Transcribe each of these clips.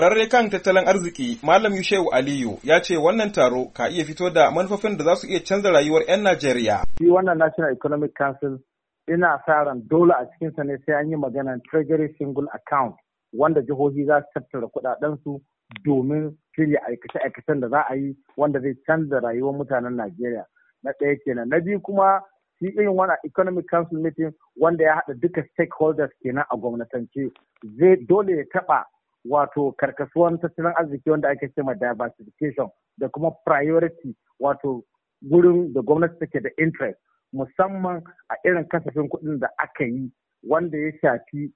Kwararre kan tattalin arziki Malam Yushewu Aliyu ya ce wannan taro ka iya fito da manufofin da za su iya canza rayuwar 'yan Najeriya. Shi wannan National Economic Council ina sa ran dole a cikinsa ne sai an yi maganar Treasury Single Account wanda jihohi za su tattara kuɗaɗensu domin shirya aikace-aikacen da za a yi wanda zai canza rayuwar mutanen Najeriya. Na ɗaya kenan. Na biyu kuma shi irin wani economic council meeting wanda ya haɗa duka stakeholders kenan a gwamnatance zai dole ya taɓa wato karkasuwan tattalin arziki wanda ake ce diversification da kuma priority wato gurin da gwamnati take da interest musamman a irin kasafin kuɗin da aka yi wanda ya shafi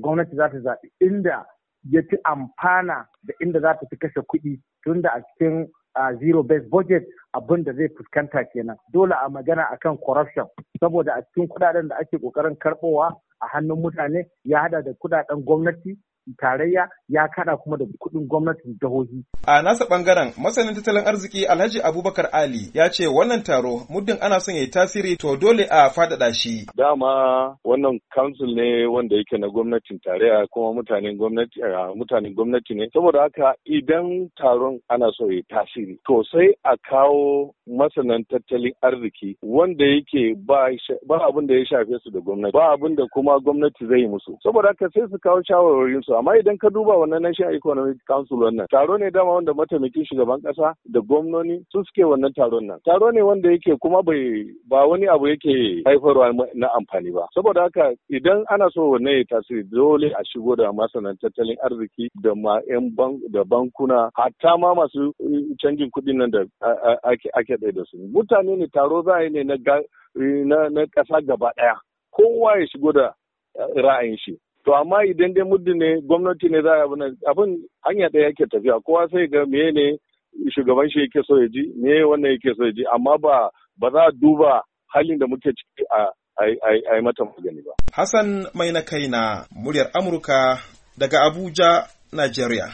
gwamnati za ta zaɓi inda ya fi amfana da inda za ta fi kashe kuɗi tun da a cikin zero based budget abin da zai fuskanta kenan dole a magana akan corruption saboda a cikin kuɗaɗen da ake ƙoƙarin karɓowa a hannun mutane ya hada da kuɗaɗen gwamnati tarayya ya kada kuma da kuɗin gwamnatin jihohi. A nasa ɓangaren masanin tattalin arziki Alhaji Abubakar Ali ya ce wannan taro muddin ana son ya yi tasiri to dole a fadada shi. Dama wannan council ne wanda yake na gwamnatin tarayya kuma mutanen gwamnati mutanen gwamnati ne saboda haka idan taron ana so ya yi tasiri to sai a kawo masanan tattalin arziki wanda yake ba abin da ya shafe su da gwamnati ba abin da kuma gwamnati zai musu saboda haka sai su kawo shawarwarin su amma idan ka duba wannan National Economic Council wannan. Taro ne dama wanda mataimakin shugaban kasa da gwamnoni su suke wannan taron nan. Taro ne wanda yake kuma bai ba wani abu yake haifarwa na amfani ba. Saboda haka idan ana so wannan ya tasiri dole a shigo da masanan tattalin arziki da ma yan da bankuna hatta ma masu eh, canjin kuɗin nan da ake ɗaya da su. Mutane ne taro za a yi ne na eh, ƙasa gaba ɗaya. Kowa ya shigo da eh, ra'ayin shi. to amma idan dai muddin ne gwamnati ne za a abin abin hanya ɗaya yake tafiya kowa sai ga meye ne shugaban shi yake so ya ji me wannan yake so ya ji amma ba ba za a duba halin da muke ciki a a mata magani ba. Hassan mai na kaina muryar Amurka daga Abuja, Najeriya.